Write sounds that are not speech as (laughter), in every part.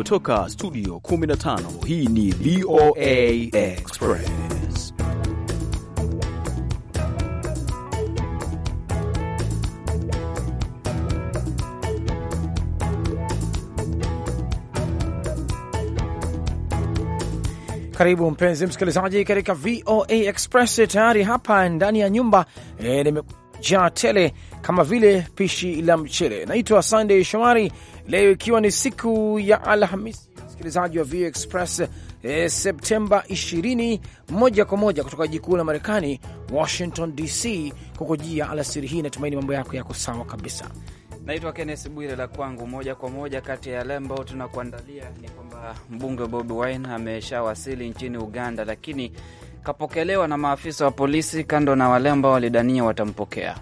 kutoka studio 15 hii ni VOA Express. Karibu mpenzi msikilizaji katika VOA Express. Tayari hapa ndani ya nyumba e, jaa tele kama vile pishi la mchele. Naitwa Sunday Shomari, leo ikiwa ni siku ya Alhamisi, msikilizaji wa VOA Express e, Septemba 20 moja kwa moja kutoka jiji kuu la Marekani, Washington DC. Kukujia alasiri hii, natumaini mambo yako yako sawa kabisa. Naitwa Kennes Bwire la kwangu. Moja kwa moja kati ya yale tunakuandalia ni kwamba mbunge Bobi Wine ameshawasili nchini Uganda, lakini kapokelewa na maafisa wa polisi kando na wale ambao walidania watampokea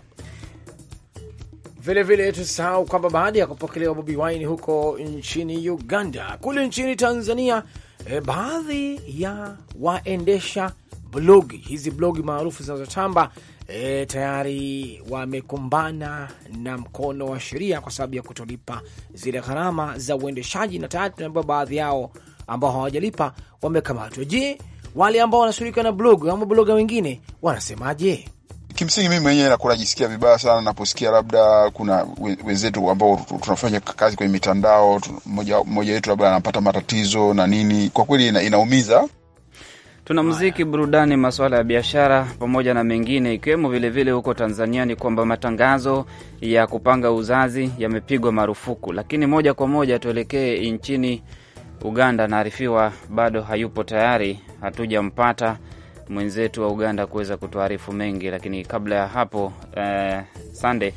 vilevile. Tusisahau kwamba baada ya kupokelewa Bobi Wine huko nchini Uganda, kule nchini Tanzania e, baadhi ya waendesha blogi hizi blogi maarufu zinazotamba E, tayari wamekumbana na mkono wa sheria kwa sababu ya kutolipa zile gharama za uendeshaji, na tayari tunaambiwa baadhi yao ambao hawajalipa wamekamatwa. Je, wale ambao wanashirika na blog ama bloga wengine wanasemaje? Kimsingi mimi mwenyewe nakuwa najisikia vibaya sana naposikia labda kuna wenzetu ambao tunafanya kazi kwenye mitandao, mmoja wetu labda anapata matatizo na nini. Kwa kweli ina, inaumiza. Tuna muziki, burudani, masuala ya biashara pamoja na mengine, ikiwemo vilevile huko Tanzania ni kwamba matangazo ya kupanga uzazi yamepigwa marufuku. Lakini moja kwa moja tuelekee nchini Uganda anaarifiwa bado hayupo tayari, hatujampata mwenzetu wa Uganda kuweza kutuarifu mengi, lakini kabla ya hapo eh, Sande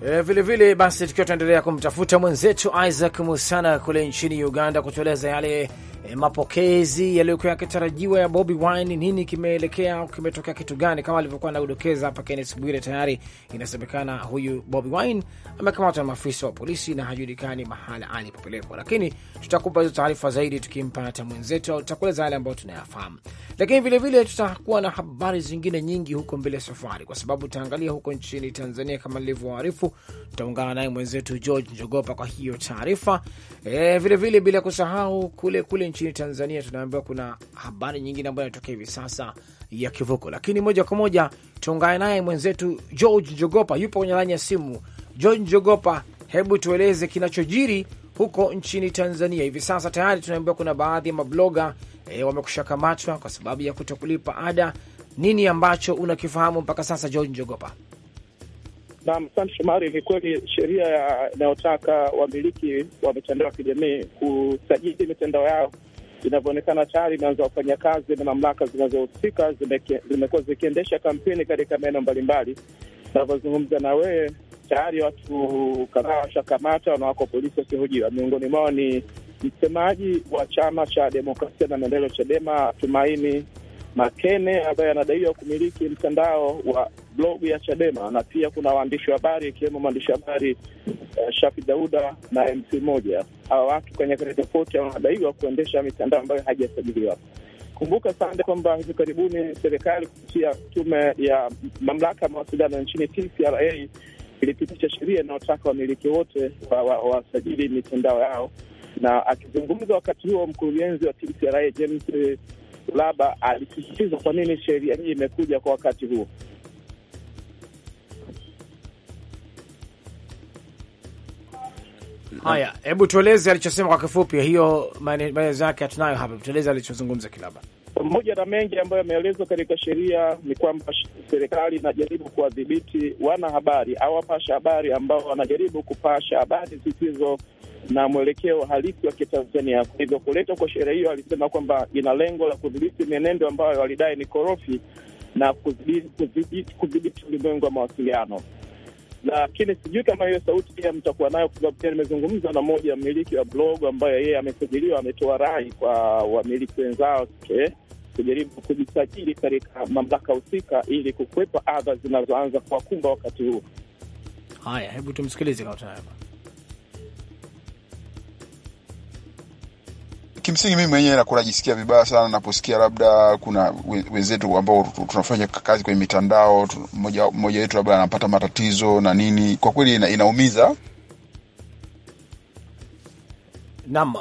vilevile eh, vile, basi tukiwa tunaendelea kumtafuta mwenzetu Isaac Musana kule nchini Uganda kutueleza yale e, mapokezi yaliyokuwa yakitarajiwa ya Bobi Wine, nini kimeelekea au kimetokea kitu gani? Kama alivyokuwa anaudokeza hapa Kenneth Bwire, tayari inasemekana huyu Bobi Wine amekamatwa na maafisa wa polisi na hajulikani mahala alipopelekwa, lakini tutakupa hizo taarifa zaidi tukimpata mwenzetu, au tutakueleza yale ambayo tunayafahamu. Lakini vilevile tutakuwa na habari zingine nyingi huko mbele safari, kwa sababu tutaangalia huko nchini Tanzania kama nilivyowaarifu, tutaungana naye mwenzetu George Njogopa kwa hiyo taarifa eh, e, vilevile bila kusahau kule kule nchini Tanzania tunaambiwa kuna habari nyingine ambayo inatokea hivi sasa ya kivuko, lakini moja kwa moja tuungane naye mwenzetu George Njogopa, yupo kwenye laini ya simu. George Njogopa, hebu tueleze kinachojiri huko nchini Tanzania hivi sasa. Tayari tunaambiwa kuna baadhi ya mabloga e, wamekusha kamatwa kwa sababu ya kutokulipa ada. Nini ambacho unakifahamu mpaka sasa, George Njogopa? Naam, San Shomari, ni kweli sheria inayotaka wamiliki wa mitandao ya kijamii kusajili mitandao yao Inavyoonekana tayari imeanza kufanya kazi na mamlaka zinazohusika zimekuwa zikiendesha kampeni katika maeneo mbalimbali. Navyozungumza na wewe, tayari watu kadhaa washakamata na wako polisi wakihojiwa. Miongoni mwao ni msemaji wa chama cha demokrasia na maendeleo, CHADEMA, Tumaini Makene ambaye anadaiwa kumiliki mtandao wa blogu ya Chadema na pia kuna waandishi wa habari ikiwemo mwandishi wa habari uh, Shafi Dauda na MC moja. Hawa watu kwenye nyakati tofauti wanadaiwa kuendesha mitandao ambayo haijasajiliwa. Kumbuka Sande kwamba hivi karibuni serikali kupitia tume ya mamlaka ya mawasiliano nchini TCRA ilipitisha sheria inayotaka wamiliki wote wasajili wa, wa mitandao yao. Na akizungumza wakati huo mkurugenzi wa TCRA James labda alisisitiza kwa nini sheria hii imekuja kwa wakati huo Haya, hebu tueleze alichosema kwa kifupi, hiyo maelezo yake hatunayo hapa. Tueleze alichozungumza Kilaba. Pamoja na mengi ambayo yameelezwa katika sheria, ni kwamba serikali inajaribu kuwadhibiti wanahabari au wapasha habari ambao wanajaribu kupasha habari zisizo na mwelekeo halisi wa Kitanzania. Kwa hivyo kuletwa kwa sherehe hiyo, alisema kwamba ina lengo la kudhibiti mienendo ambayo walidai ni korofi na kudhibiti ulimwengu wa mawasiliano. Lakini sijui kama hiyo sauti pia mtakuwa nayo, kwa sababu pia nimezungumza na mmoja mmiliki wa blog ambayo yeye amesajiliwa, ametoa rai kwa wamiliki wenzao okay, kujaribu kujisajili katika mamlaka husika ili kukwepa adha zinazoanza kuwakumba wakati huu. Haya, hebu tumsikilize Kautana. kimsingi mimi mwenyewe nakula jisikia vibaya sana naposikia labda kuna wenzetu ambao tunafanya kazi kwenye mitandao, mmoja wetu labda anapata matatizo na nini, kwa kweli ina, inaumiza. nam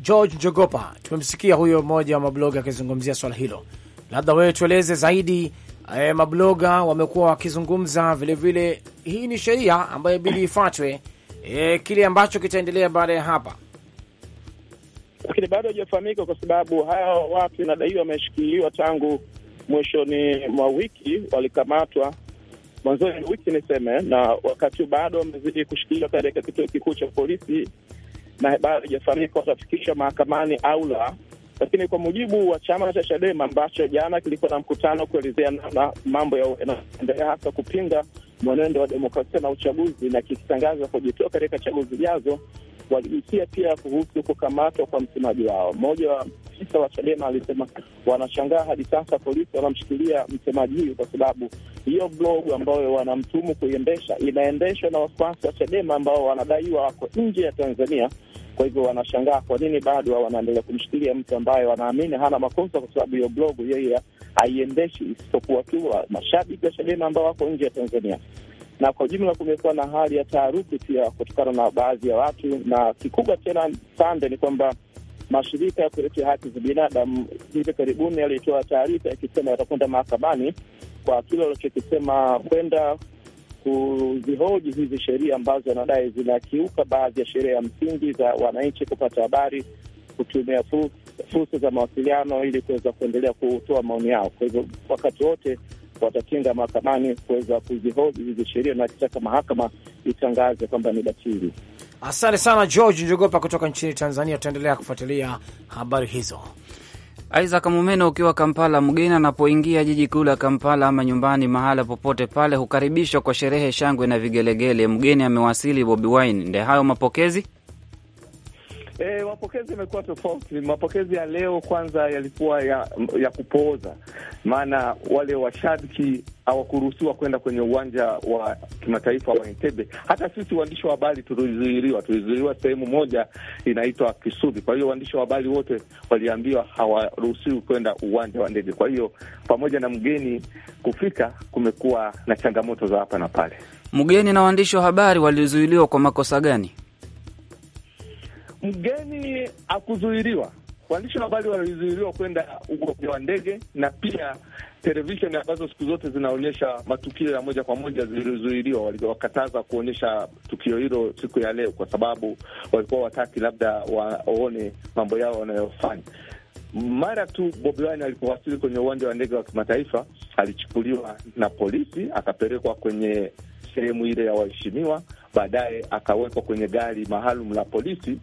George Njogopa, tumemsikia huyo mmoja wa mabloga akizungumzia swala hilo, labda wewe tueleze zaidi. E, mabloga wamekuwa wakizungumza vilevile, hii ni sheria ambayo bidi ifatwe E, eh, kile ambacho kitaendelea baada ya hapa lakini bado hajafahamika kwa sababu hawa watu inadaiwa wameshikiliwa tangu mwishoni mwa wiki, walikamatwa mwanzoni wiki niseme, na wakati huu bado wamezidi kushikiliwa katika kituo kikuu cha polisi, na bado hajafahamika watafikishwa mahakamani au la. Lakini kwa mujibu wa chama cha Chadema ambacho jana kilikuwa na mkutano kuelezea namna mambo yanaendelea, hasa kupinga mwenendo wa demokrasia na uchaguzi, na kikitangaza kujitoa katika chaguzi zijazo, waligusia pia kuhusu kukamatwa kwa msemaji wao. Mmoja wa afisa wa Chadema alisema wanashangaa hadi sasa polisi wanamshikilia msemaji huyu kwa sababu hiyo blogu ambayo wanamtumu kuiendesha inaendeshwa na wafuasi wa Chadema ambao wanadaiwa wako nje ya Tanzania. Kwa hivyo wanashangaa kwa nini bado wanaendelea kumshikilia mtu ambaye wanaamini hana makosa, kwa sababu hiyo blogu yeye haiendeshi isipokuwa tu mashabiki wa Chadema ambao wako nje ya Tanzania na kwa jumla kumekuwa na hali ya taharuki pia kutokana na baadhi ya watu, na kikubwa tena sande ni kwamba mashirika ya kuletea haki za binadamu hivi karibuni yalitoa taarifa yakisema yatakwenda mahakamani kwa kile walichokisema kwenda kuzihoji hizi sheria ambazo wanadai zinakiuka baadhi ya sheria ya msingi za wananchi kupata habari, kutumia fursa za mawasiliano ili kuweza kuendelea kutoa maoni yao. Kwa hivyo wakati wote watakinda mahakamani kuweza kuzihoji hizi sheria na kitaka mahakama itangaze kwamba ni batili. Asante sana George Njogopa kutoka nchini Tanzania. Tutaendelea kufuatilia habari hizo. Isaac Mumeno ukiwa Kampala. Mgeni anapoingia jiji kuu la Kampala ama nyumbani, mahala popote pale, hukaribishwa kwa sherehe, shangwe na vigelegele. Mgeni amewasili, Bobi Wine, nde hayo mapokezi E, mapokezi yamekuwa tofauti. Mapokezi ya leo kwanza yalikuwa ya, ya kupooza, maana wale washabiki hawakuruhusiwa kwenda kwenye uwanja wa kimataifa wa Entebbe. Hata sisi waandishi wa habari tulizuiliwa, tulizuiliwa sehemu moja inaitwa Kisubi. Kwa hiyo waandishi wa habari wote waliambiwa hawaruhusiwi kwenda uwanja wa ndege. Kwa hiyo pamoja na mgeni kufika, kumekuwa na changamoto za hapa na pale. Mgeni na waandishi wa habari walizuiliwa kwa makosa gani? mgeni akuzuiliwa. Waandishi wa habari walizuiliwa kwenda uwanja wa ndege, na pia televisheni ambazo siku zote zinaonyesha matukio ya moja kwa moja zilizuiliwa, wakataza kuonyesha tukio hilo siku ya leo, kwa sababu walikuwa wataki labda waone mambo yao wanayofanya. Mara tu Bobi Wine alipowasili kwenye uwanja wa ndege wa kimataifa, alichukuliwa na polisi akapelekwa kwenye sehemu ile ya waheshimiwa, baadaye akawekwa kwenye gari maalum la polisi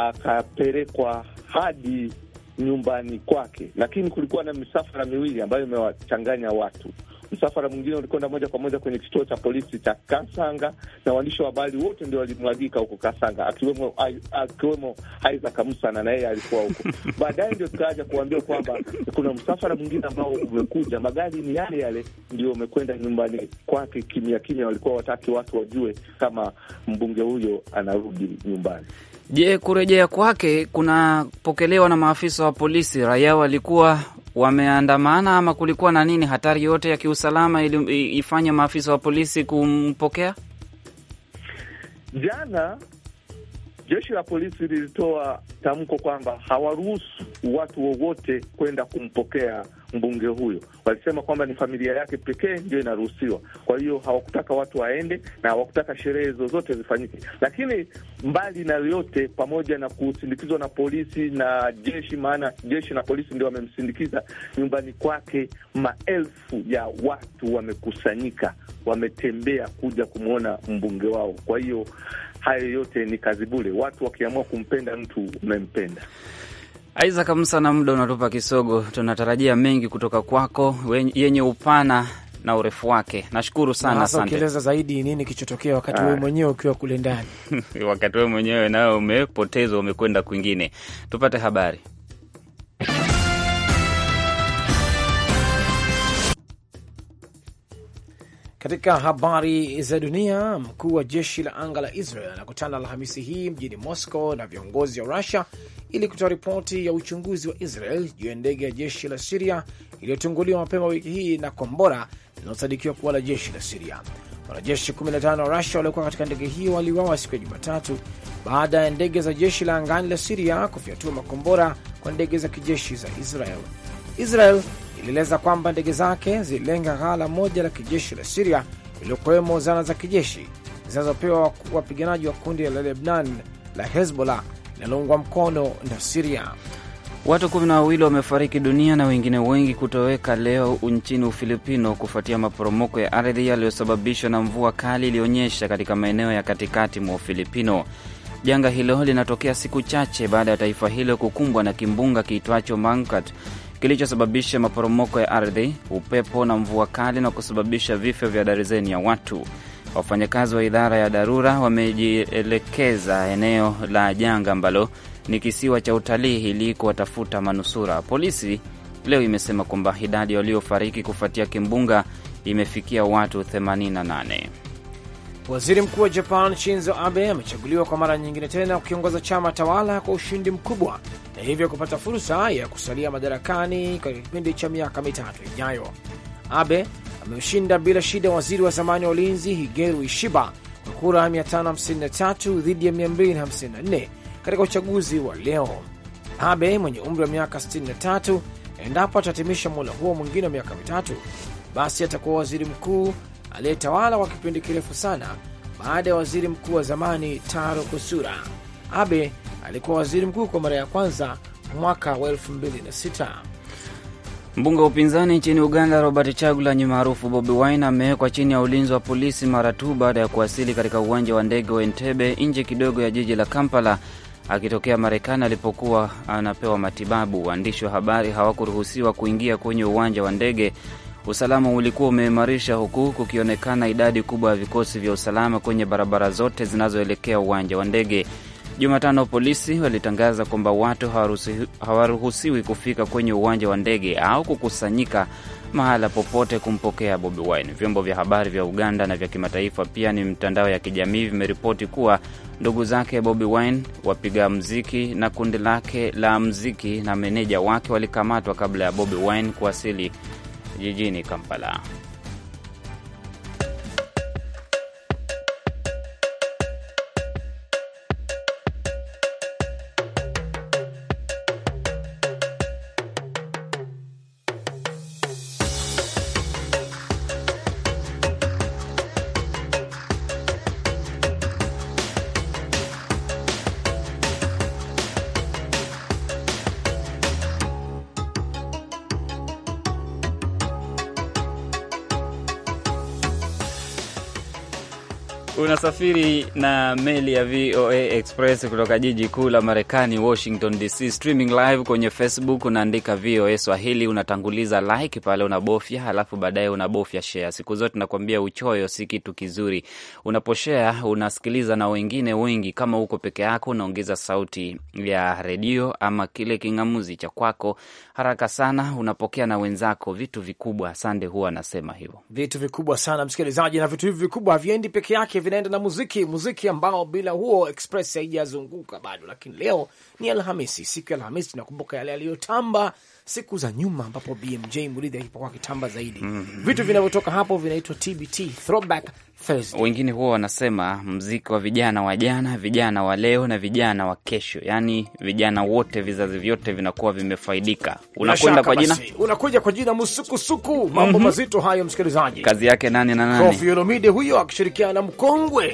akapelekwa hadi nyumbani kwake, lakini kulikuwa na misafara miwili ambayo imewachanganya watu. Msafara mwingine ulikwenda moja kwa moja kwenye kituo cha polisi cha Kasanga, na waandishi wa habari wote ndio walimwagika huko Kasanga, akiwemo akiwemo kamsana Musana, na yeye alikuwa huko. (laughs) Baadaye ndio tukaja kuambia kwamba kuna msafara mwingine ambao umekuja, magari ni yale yale, ndio umekwenda nyumbani kwake kimya kimya. Walikuwa wataki watu wajue kama mbunge huyo anarudi nyumbani. Je, kurejea kwake kunapokelewa na maafisa wa polisi? Raia walikuwa wameandamana ama kulikuwa na nini, hatari yote ya kiusalama ili ifanye maafisa wa polisi kumpokea? Jana jeshi la polisi lilitoa tamko kwamba hawaruhusu watu wowote kwenda kumpokea mbunge huyo, walisema kwamba ni familia yake pekee ndio inaruhusiwa. Kwa hiyo hawakutaka watu waende na hawakutaka sherehe zozote zifanyike. Lakini mbali na yote, pamoja na kusindikizwa na polisi na jeshi, maana jeshi na polisi ndio wamemsindikiza nyumbani kwake, maelfu ya watu wamekusanyika, wametembea kuja kumwona mbunge wao. Kwa hiyo hayo yote ni kazi bure, watu wakiamua kumpenda mtu umempenda. Aiza Musa, na muda unatupa kisogo, tunatarajia mengi kutoka kwako yenye upana na urefu wake. Nashukuru sana, asante. Ukieleza zaidi nini kichotokea wakati ah. wewe mwenyewe ukiwa kule ndani (laughs) wakati wewe mwenyewe nawe umepotezwa, umekwenda kwingine. Tupate habari. Katika habari za dunia, mkuu wa jeshi la anga la Israel anakutana Alhamisi hii mjini Moscow na viongozi wa Rusia ili kutoa ripoti ya uchunguzi wa Israel juu ya ndege ya jeshi la Siria iliyotunguliwa mapema wiki hii na kombora linalosadikiwa kuwa la jeshi la Siria. Wanajeshi 15 wa Rusia waliokuwa katika ndege hiyo waliuawa siku ya Jumatatu baada ya ndege za jeshi la angani la Siria kufyatua makombora kwa ndege za kijeshi za Israel. Israel ilieleza kwamba ndege zake zililenga ghala moja la kijeshi la Siria lililokuwemo zana za kijeshi zinazopewa wapiganaji wa kundi la Lebnan la Hezbollah linaloungwa mkono na Siria. Watu kumi na wawili wamefariki dunia na wengine wengi kutoweka leo nchini Ufilipino kufuatia maporomoko ya ardhi yaliyosababishwa na mvua kali iliyonyesha katika maeneo ya katikati mwa Ufilipino. Janga hilo linatokea siku chache baada ya taifa hilo kukumbwa na kimbunga kiitwacho Mangkhut kilichosababisha maporomoko ya ardhi, upepo na mvua kali na kusababisha vifo vya darizeni ya watu. Wafanyakazi wa idara ya dharura wamejielekeza eneo la janga ambalo ni kisiwa cha utalii ili kuwatafuta manusura. Polisi leo imesema kwamba idadi waliofariki kufuatia kimbunga imefikia watu 88. Waziri mkuu wa Japan Shinzo Abe amechaguliwa kwa mara nyingine tena kukiongoza chama tawala kwa ushindi mkubwa na hivyo kupata fursa ya kusalia madarakani katika kipindi cha miaka mitatu ijayo. Abe ameushinda bila shida waziri wa zamani wa ulinzi Higeru Ishiba kwa kura 553 dhidi ya 254 katika uchaguzi wa leo. Abe mwenye umri wa miaka 63, endapo atahitimisha muhula huo mwingine wa miaka mitatu, basi atakuwa waziri mkuu aliyetawala kwa kipindi kirefu sana baada ya waziri mkuu wa zamani Taro Kusura. Abe alikuwa waziri mkuu kwa mara ya kwanza mwaka wa 2006. Mbunge wa upinzani nchini Uganda Robert Chagulanyi maarufu Bobi Wine amewekwa chini ya ulinzi wa polisi mara tu baada ya kuwasili katika uwanja wa ndege wa Entebbe nje kidogo ya jiji la Kampala akitokea Marekani alipokuwa anapewa matibabu. Waandishi wa habari hawakuruhusiwa kuingia kwenye uwanja wa ndege Usalama ulikuwa umeimarisha huku kukionekana idadi kubwa ya vikosi vya usalama kwenye barabara zote zinazoelekea uwanja wa ndege. Jumatano polisi walitangaza kwamba watu hawaruhusiwi kufika kwenye uwanja wa ndege au kukusanyika mahala popote kumpokea Bobi Wine. Vyombo vya habari vya Uganda na vya kimataifa pia ni mtandao ya kijamii vimeripoti kuwa ndugu zake Bobi Wine, wapiga mziki na kundi lake la mziki na meneja wake walikamatwa kabla ya Bobi Wine kuwasili jijini Kampala. unasafiri na meli ya VOA Express kutoka jiji kuu la Marekani, Washington DC. Streaming live kwenye Facebook, unaandika VOA Swahili, unatanguliza like pale, unabofya halafu baadaye unabofya share. Siku zote nakuambia uchoyo si kitu kizuri. Unaposhea unasikiliza na wengine wengi. Kama uko peke yako, unaongeza sauti ya redio ama kile king'amuzi cha kwako, haraka sana unapokea na wenzako. Vitu vikubwa, Sande huwa anasema hivyo, vitu vikubwa sana msikilizaji, na vitu hivi vikubwa haviendi peke yake, vinaenda na muziki muziki, muziki ambao bila huo Express haijazunguka bado. Lakini leo ni Alhamisi, siku ya Alhamisi nakumbuka yale aliyotamba siku za nyuma, ambapo BMJ Muridhi alipokuwa kitamba zaidi mm -hmm. Vitu vinavyotoka hapo vinaitwa TBT, throwback Thursday. Wengine huwa wanasema mziki wa vijana wa jana, vijana wa leo na vijana wa kesho, yaani vijana wote, vizazi vyote vinakuwa vimefaidika. Unakwenda kwa jina, unakuja kwa jina msukusuku, mambo mm -hmm. mazito hayo, msikilizaji. Kazi yake nani na nani? Profi Olomide huyo akishirikiana na mkongwe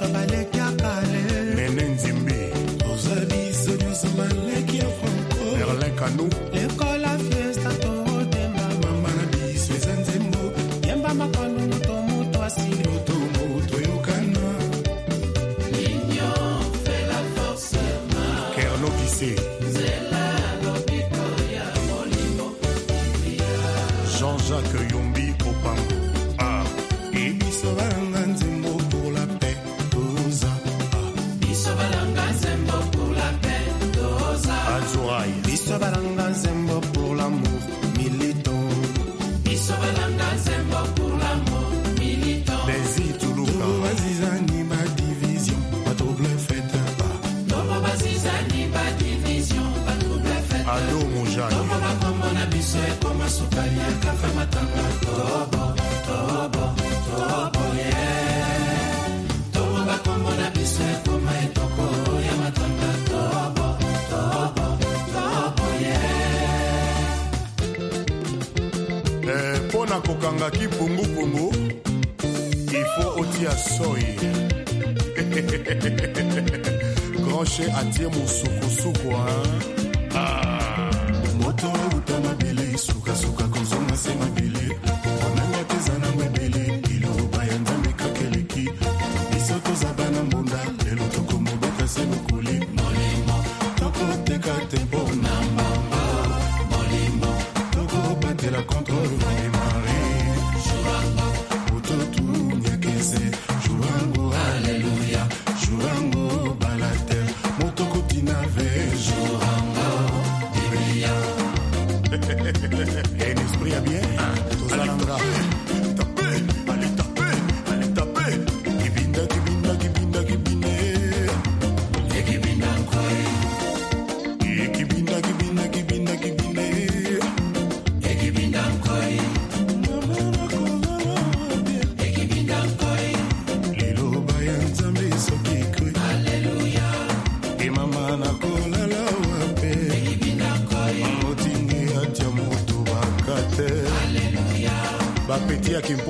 nyonso baleki ya kale nene nzimbi toza biso nyonso baleki ya franco merlin kanu ekola fiesta totema mama na biso eza nzembo yemba makandu moto moto asili moto moto yokana kernokise jean-jacques yo okangaki pungupungu ifo otia soi (laughs) granche atie mosukusuku ah. moto euta mabele sukasuka kozonga nsema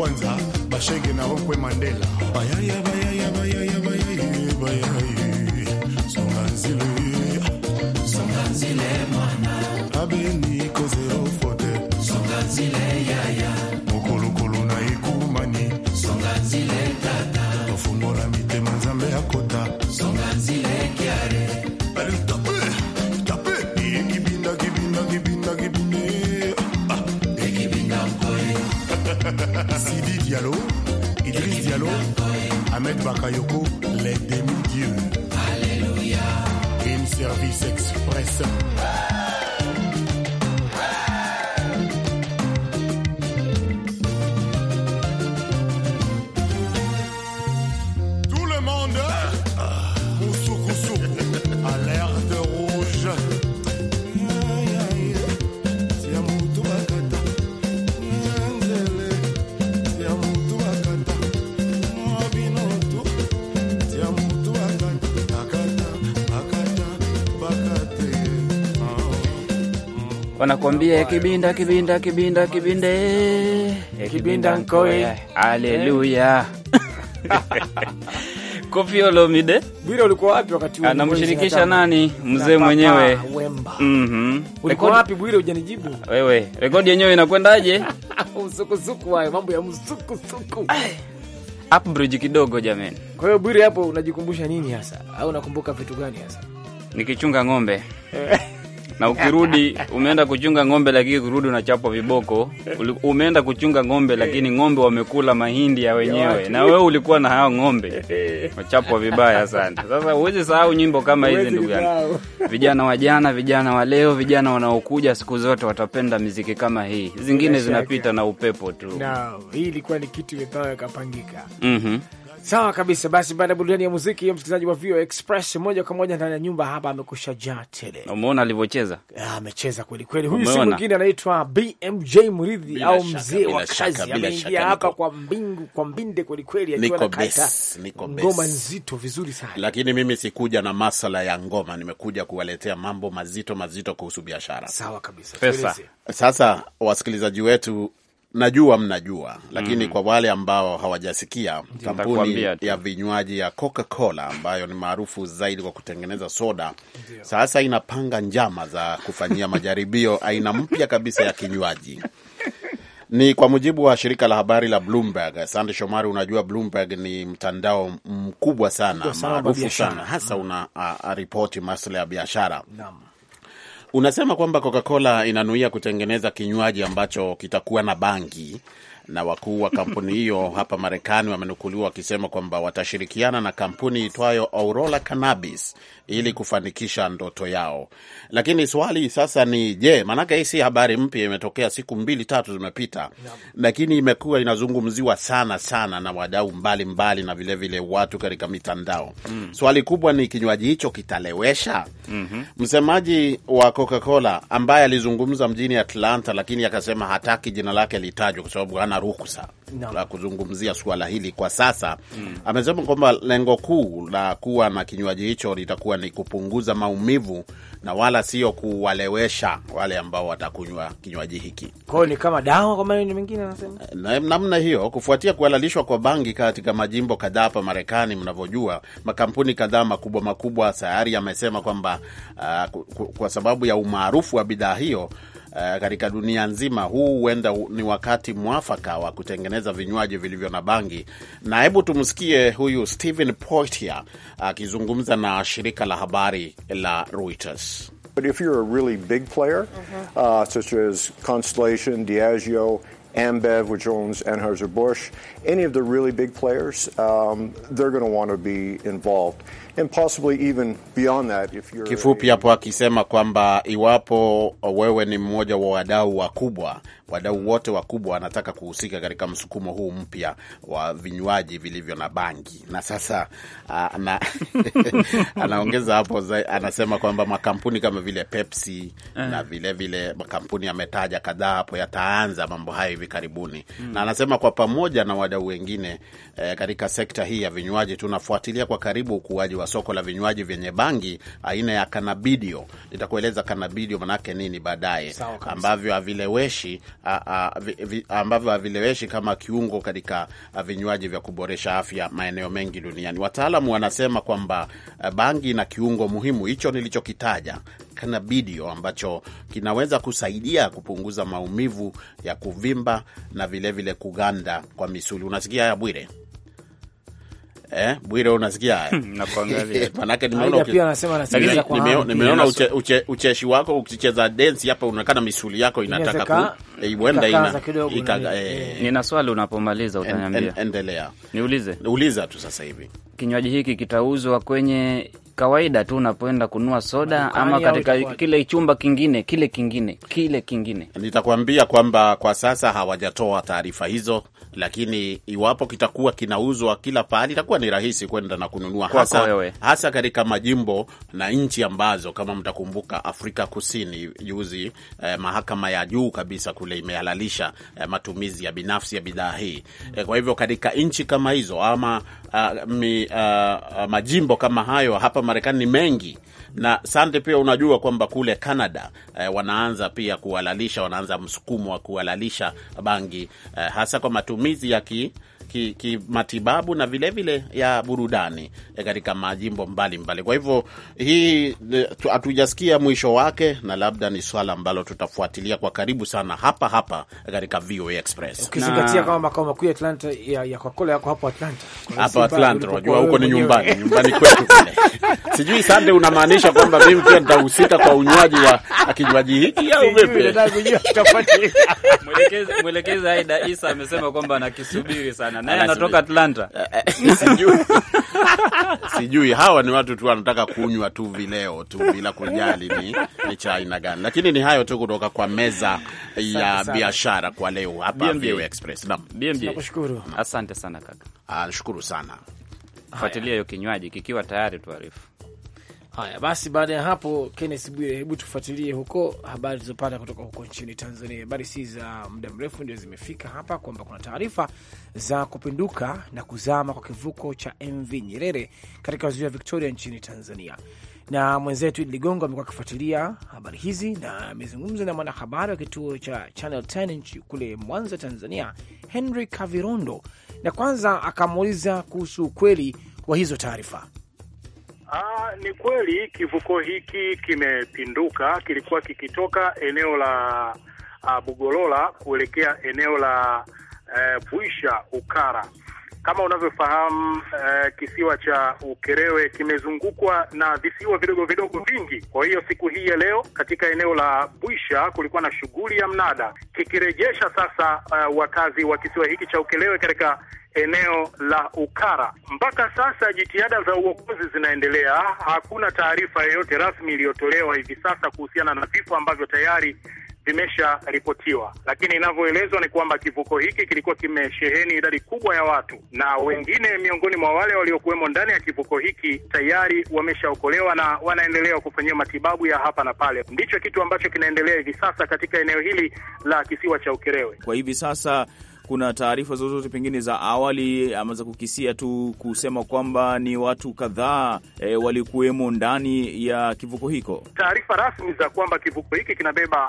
kwanza Bashege na Ronkwe Mandela bayaya bayaya wanakwambia eh, kibinda kibinda kibinda kibinde eh, kibinda nkoe, aleluya. (laughs) Koffi Olomide bila, ulikuwa wapi wakati huo? Anamshirikisha nani? Mzee mwenyewe. Mhm, ulikuwa wapi bila? Hujanijibu wewe. Rekodi yenyewe inakwendaje? (laughs) Usukusuku hayo mambo ya msukusuku hapo (sighs) bridge kidogo, jamani. Kwa hiyo Bwire, hapo unajikumbusha nini hasa, au unakumbuka vitu gani hasa? Nikichunga ng'ombe (laughs) na ukirudi umeenda kuchunga ng'ombe, lakini ukirudi unachapwa viboko. Umeenda kuchunga ng'ombe, lakini ng'ombe wamekula mahindi ya wenyewe na wewe ulikuwa na hao ng'ombe, wachapwa vibaya sana. Sasa huwezi sahau nyimbo kama hizi, ndugu yangu. Vijana wa jana, vijana wa leo, vijana wanaokuja siku zote watapenda miziki kama hii. Zingine zinapita na upepo tu. Hii ilikuwa ni kitu ambayo kapangika. Mhm. Sawa kabisa. Basi baada ya burudani ya muziki ya msikilizaji wa VOA Express, moja kwa moja ndani ya nyumba hapa, amekusha jaa tele. Umeona alivyocheza, ah, amecheza kweli kweli. Huyu si mwingine anaitwa BMJ Mridhi au mzee wa kazi, ameingia hapa kwa mbingu kwa mbinde kweli kweli, akiwa anakata ngoma nzito vizuri sana. Lakini mimi sikuja na masala ya ngoma, nimekuja kuwaletea mambo mazito mazito kuhusu biashara. Sawa kabisa. Pesa. Sasa wasikilizaji wetu najua mnajua, lakini mm kwa wale ambao hawajasikia, kampuni ya vinywaji ya Coca-Cola ambayo ni maarufu zaidi kwa kutengeneza soda Ndiyo. Sasa inapanga njama za kufanyia majaribio (laughs) aina mpya kabisa ya kinywaji ni kwa mujibu wa shirika la habari la Bloomberg. Sande Shomari, unajua Bloomberg ni mtandao mkubwa sana maarufu sana hasa mm. una ripoti masuala ya biashara Naam. Unasema kwamba Coca-Cola inanuia kutengeneza kinywaji ambacho kitakuwa na bangi na wakuu wa kampuni hiyo (laughs) hapa Marekani wamenukuliwa wakisema kwamba watashirikiana na kampuni itwayo Aurora Cannabis ili kufanikisha ndoto yao. Lakini swali sasa ni je, maanake hii si habari mpya, imetokea siku mbili tatu zimepita Lakini imekuwa inazungumziwa sana sana na wadau mbalimbali na vilevile vile watu katika mitandao mm. Swali kubwa ni kinywaji hicho kitalewesha? mm -hmm. Msemaji wa Coca-Cola ambaye alizungumza mjini Atlanta, lakini akasema hataki jina lake litajwe kwa sababu hana ruhusa no. la kuzungumzia suala hili kwa sasa mm. Amesema kwamba lengo kuu la kuwa na kinywaji hicho litakuwa ni kupunguza maumivu na wala sio kuwalewesha wale ambao watakunywa kinywaji hiki. Kwa hiyo ni kama dawa kwa maneno mengine, anasema na, namna hiyo. Kufuatia kuhalalishwa kwa bangi katika majimbo kadhaa hapa Marekani, mnavyojua makampuni kadhaa makubwa makubwa tayari yamesema kwamba uh, kwa sababu ya umaarufu wa bidhaa hiyo Eh, katika dunia nzima. Huu huenda ni wakati mwafaka wa kutengeneza vinywaji vilivyo na bangi, na hebu tumsikie huyu Stephen Poitier akizungumza na shirika la habari la Reuters. But if you're a really big player, mm-hmm. uh, such as Constellation, Diageo, Ambev, which owns Anheuser-Busch, any of the really big players, um, they're going to want to be involved. Kifupi hapo akisema kwamba iwapo wewe ni mmoja wa wadau wakubwa, wadau wote wakubwa wanataka kuhusika katika msukumo huu mpya wa vinywaji vilivyo na bangi. Na sasa ana, (laughs) anaongeza hapo, anasema kwamba makampuni kama vile Pepsi uh, na vilevile vile makampuni yametaja kadhaa hapo yataanza mambo hayo hivi karibuni mm. Na anasema kwa pamoja na wadau wengine eh, katika sekta hii ya vinywaji tunafuatilia kwa karibu ukuaji wa soko la vinywaji vyenye bangi aina ya kanabidio. Nitakueleza kanabidio manake nini baadaye, ambavyo havileweshi ambavyo havileweshi kama kiungo katika vinywaji vya kuboresha afya maeneo mengi duniani. Wataalamu wanasema kwamba bangi na kiungo muhimu hicho nilichokitaja kanabidio ambacho kinaweza kusaidia kupunguza maumivu ya kuvimba na vilevile vile kuganda kwa misuli. Unasikia ya Bwire? Eh, Bwire unasikia haya? (laughs) Nakuangalia. (laughs) Manake nimeona anasema kwa Nimeona ucheshi wako ukicheza dance hapa unaonekana misuli yako inataka kuenda eh, ina. Eh. Eh. Nina swali unapomaliza utaniambia. Endelea. Niulize. Uliza tu sasa hivi. Kinywaji hiki kitauzwa kwenye kawaida tu unapoenda kunua soda Mkani ama katika kile chumba kingine kile kingine kile kingine? Nitakwambia kwamba kwa sasa hawajatoa taarifa hizo lakini iwapo kitakuwa kinauzwa kila pahali, itakuwa ni rahisi kwenda na kununua, hasa, hasa katika majimbo na nchi ambazo kama mtakumbuka, Afrika Kusini juzi, eh, mahakama ya juu kabisa kule imehalalisha eh, matumizi ya binafsi ya bidhaa hii eh, kwa hivyo katika nchi kama hizo ama uh, mi, uh, majimbo kama hayo hapa Marekani ni mengi na sante pia, unajua kwamba kule Canada eh, wanaanza pia kuhalalisha, wanaanza msukumo wa kuhalalisha bangi eh, hasa kwa matumizi ya ki kimatibabu ki na vilevile vile ya burudani eh, katika majimbo mbalimbali mbali. Kwa hivyo hii eh, hatujasikia mwisho wake, na labda ni swala ambalo tutafuatilia kwa karibu sana hapa hapa katika VOA Express, ukizingatia kama makao makuu ya Atlanta ya Coca-Cola yako hapo Atlanta, hapo Atlanta unajua huko ni nyumbani nyumbani kwetu (laughs) Sijui Sande unamaanisha kwamba mimi pia nitahusika kwa unywaji wa kinywaji hiki au vipi? (laughs) Mwelekezi Aida Isa amesema kwamba anakisubiri sana naye anatoka Atlanta. Eh, eh. (laughs) Sijui. (laughs) Sijui hawa ni watu tu wanataka kunywa tu vileo tu bila kujali ni, ni cha aina gani. Lakini ni hayo tu kutoka kwa meza ya biashara kwa leo hapa VOA Express. Naam. Nakushukuru. Asante sana kaka. Ah, nashukuru sana. Fuatilia hiyo kinywaji kikiwa tayari tuarifu. Haya basi, baada ya hapo, Kennes Bwire, hebu tufuatilie huko habari zilizopata kutoka huko nchini Tanzania. Habari si za muda mrefu ndio zimefika hapa kwamba kuna taarifa za kupinduka na kuzama kwa kivuko cha MV Nyerere katika ziwa Victoria nchini Tanzania, na mwenzetu Idi Ligongo amekuwa akifuatilia habari hizi na amezungumza na mwanahabari wa kituo cha Channel 10 kule Mwanza, Tanzania, Henry Kavirondo, na kwanza akamuuliza kuhusu ukweli wa hizo taarifa. Aa, ah, ni kweli kivuko hiki kimepinduka. Kilikuwa kikitoka eneo la ah, Bugolola kuelekea eneo la eh, Buisha Ukara kama unavyofahamu uh, kisiwa cha Ukerewe kimezungukwa na visiwa vidogo vidogo vingi. Kwa hiyo siku hii ya leo katika eneo la Bwisha kulikuwa na shughuli ya mnada, kikirejesha sasa uh, wakazi wa kisiwa hiki cha Ukerewe katika eneo la Ukara. Mpaka sasa jitihada za uokozi zinaendelea. Hakuna taarifa yoyote rasmi iliyotolewa hivi sasa kuhusiana na vifo ambavyo tayari ripotiwa lakini inavyoelezwa ni kwamba kivuko hiki kilikuwa kimesheheni idadi kubwa ya watu, na wengine miongoni mwa wale waliokuwemo ndani ya kivuko hiki tayari wameshaokolewa na wanaendelea kufanyia matibabu ya hapa na pale. Ndicho kitu ambacho kinaendelea hivi sasa katika eneo hili la kisiwa cha Ukerewe kwa hivi sasa kuna taarifa zozote pengine za awali ama za kukisia tu kusema kwamba ni watu kadhaa e, walikuwemo ndani ya kivuko hiko? Taarifa rasmi za kwamba kivuko hiki kinabeba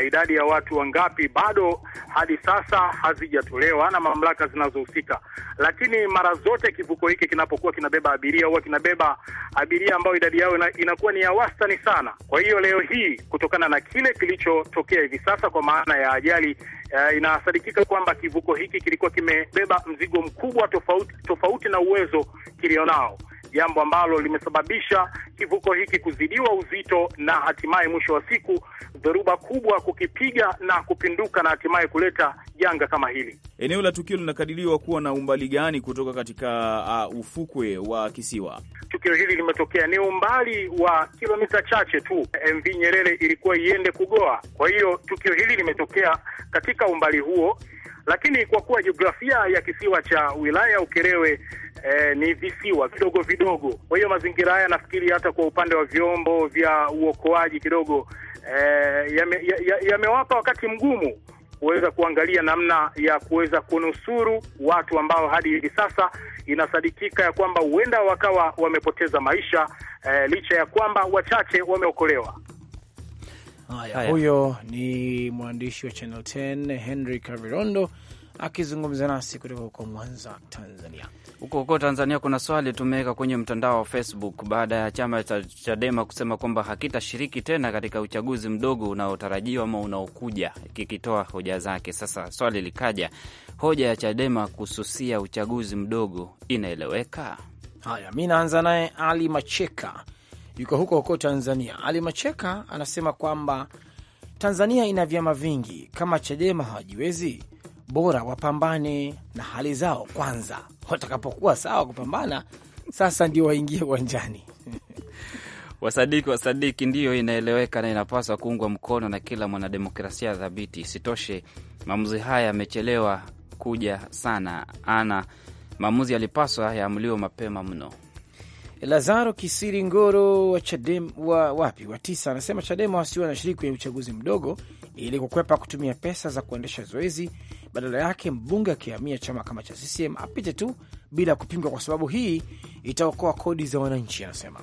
e, idadi ya watu wangapi bado hadi sasa hazijatolewa na mamlaka zinazohusika, lakini mara zote kivuko hiki kinapokuwa kinabeba abiria huwa kinabeba abiria ambao idadi yao inakuwa ni ya wastani sana. Kwa hiyo leo hii kutokana na kile kilichotokea hivi sasa, kwa maana ya ajali uh, inasadikika kwamba kivuko hiki kilikuwa kimebeba mzigo mkubwa tofauti tofauti na uwezo kilionao jambo ambalo limesababisha kivuko hiki kuzidiwa uzito na hatimaye mwisho wa siku dhoruba kubwa kukipiga na kupinduka na hatimaye kuleta janga kama hili. Eneo la tukio linakadiriwa kuwa na umbali gani kutoka katika uh, ufukwe wa kisiwa? Tukio hili limetokea ni umbali wa kilomita chache tu. MV Nyerere ilikuwa iende kugoa, kwa hiyo tukio hili limetokea katika umbali huo lakini kwa kuwa jiografia ya kisiwa cha wilaya ya Ukerewe eh, ni visiwa vidogo vidogo, kwa hiyo mazingira haya nafikiri hata kwa upande wa vyombo vya uokoaji kidogo eh, yamewapa ya, ya wakati mgumu kuweza kuangalia namna ya kuweza kunusuru watu ambao hadi hivi sasa inasadikika ya kwamba huenda wakawa wamepoteza maisha eh, licha ya kwamba wachache wameokolewa. Haya, huyo ni mwandishi wa Channel 10 Henry Kavirondo akizungumza nasi kutoka huko Mwanza, Tanzania. Huko huko Tanzania kuna swali tumeweka kwenye mtandao wa Facebook baada ya chama cha Chadema kusema kwamba hakitashiriki tena katika uchaguzi mdogo unaotarajiwa ama unaokuja, kikitoa hoja zake. Sasa swali likaja, hoja ya Chadema kususia uchaguzi mdogo inaeleweka? Haya, mi naanza naye Ali Macheka yuko huko huko Tanzania. Ali Macheka anasema kwamba Tanzania ina vyama vingi, kama Chadema hawajiwezi bora wapambane na hali zao kwanza, watakapokuwa sawa kupambana sasa ndio waingie uwanjani. (laughs) Wasadiki, wasadiki, ndiyo inaeleweka na inapaswa kuungwa mkono na kila mwanademokrasia thabiti. Isitoshe, maamuzi haya yamechelewa kuja sana, ana maamuzi yalipaswa yaamuliwe mapema mno. Lazaro Kisiri Ngoro wa Chadema wa wapi wa tisa anasema Chadema wasiwe wanashiriki kwenye uchaguzi mdogo ili kukwepa kutumia pesa za kuendesha zoezi. Badala yake mbunge akihamia chama kama cha CCM apite tu bila kupingwa, kwa sababu hii itaokoa kodi za wananchi, anasema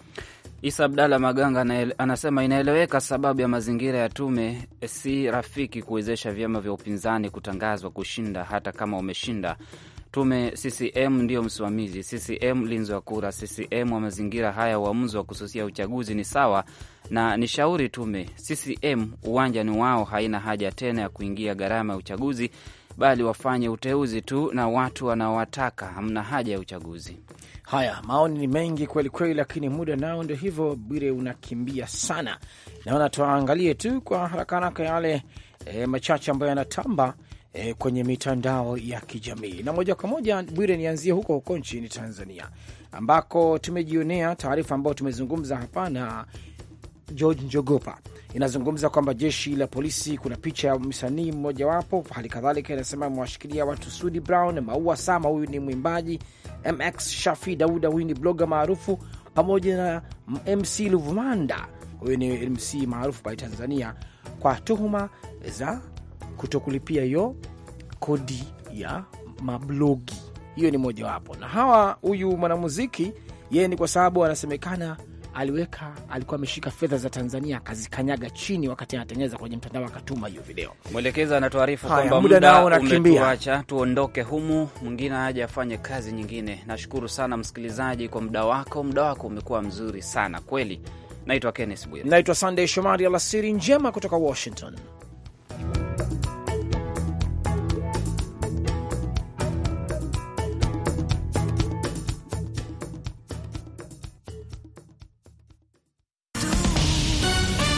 Isa Abdalla Maganga. Anasema inaeleweka sababu ya mazingira ya tume si rafiki kuwezesha vyama vya upinzani kutangazwa kushinda hata kama umeshinda tume CCM ndiyo msimamizi, CCM linzi wa kura, CCM wa mazingira haya. Uamuzi wa kususia uchaguzi ni sawa na ni shauri tume. CCM uwanja ni wao, haina haja tena ya kuingia gharama ya uchaguzi, bali wafanye uteuzi tu na watu wanaowataka. Hamna haja ya uchaguzi. Haya, maoni ni mengi kweli kweli, lakini muda nao ndio hivyo, Bwire unakimbia sana. Naona tuangalie tu kwa haraka haraka yale e, machache ambayo yanatamba e, kwenye mitandao ya kijamii. Na moja kwa moja Bwire, nianzie huko huko nchini Tanzania ambako tumejionea taarifa ambayo tumezungumza hapa na George Njogopa inazungumza kwamba jeshi la polisi, kuna picha ya msanii mmojawapo, hali kadhalika inasema imewashikilia watu Sudi Brown, Maua Sama, huyu ni mwimbaji MX Shafi Dauda, huyu ni bloga maarufu, pamoja na MC Luvumanda, huyu ni MC maarufu pale Tanzania, kwa tuhuma za kutokulipia hiyo kodi ya mablogi. Hiyo ni mojawapo, na hawa huyu mwanamuziki yeye ni kwa sababu anasemekana aliweka alikuwa ameshika fedha za Tanzania akazikanyaga chini wakati anatengeneza kwenye mtandao akatuma hiyo video. Mwelekezi anatuarifu kwamba muda umetuacha, tuondoke humu, mwingine aje afanye kazi nyingine. Nashukuru sana msikilizaji kwa muda wako, muda wako umekuwa mzuri sana kweli. Naitwa Kenneth Bwire, naitwa Sunday Shomari. Alasiri njema kutoka Washington.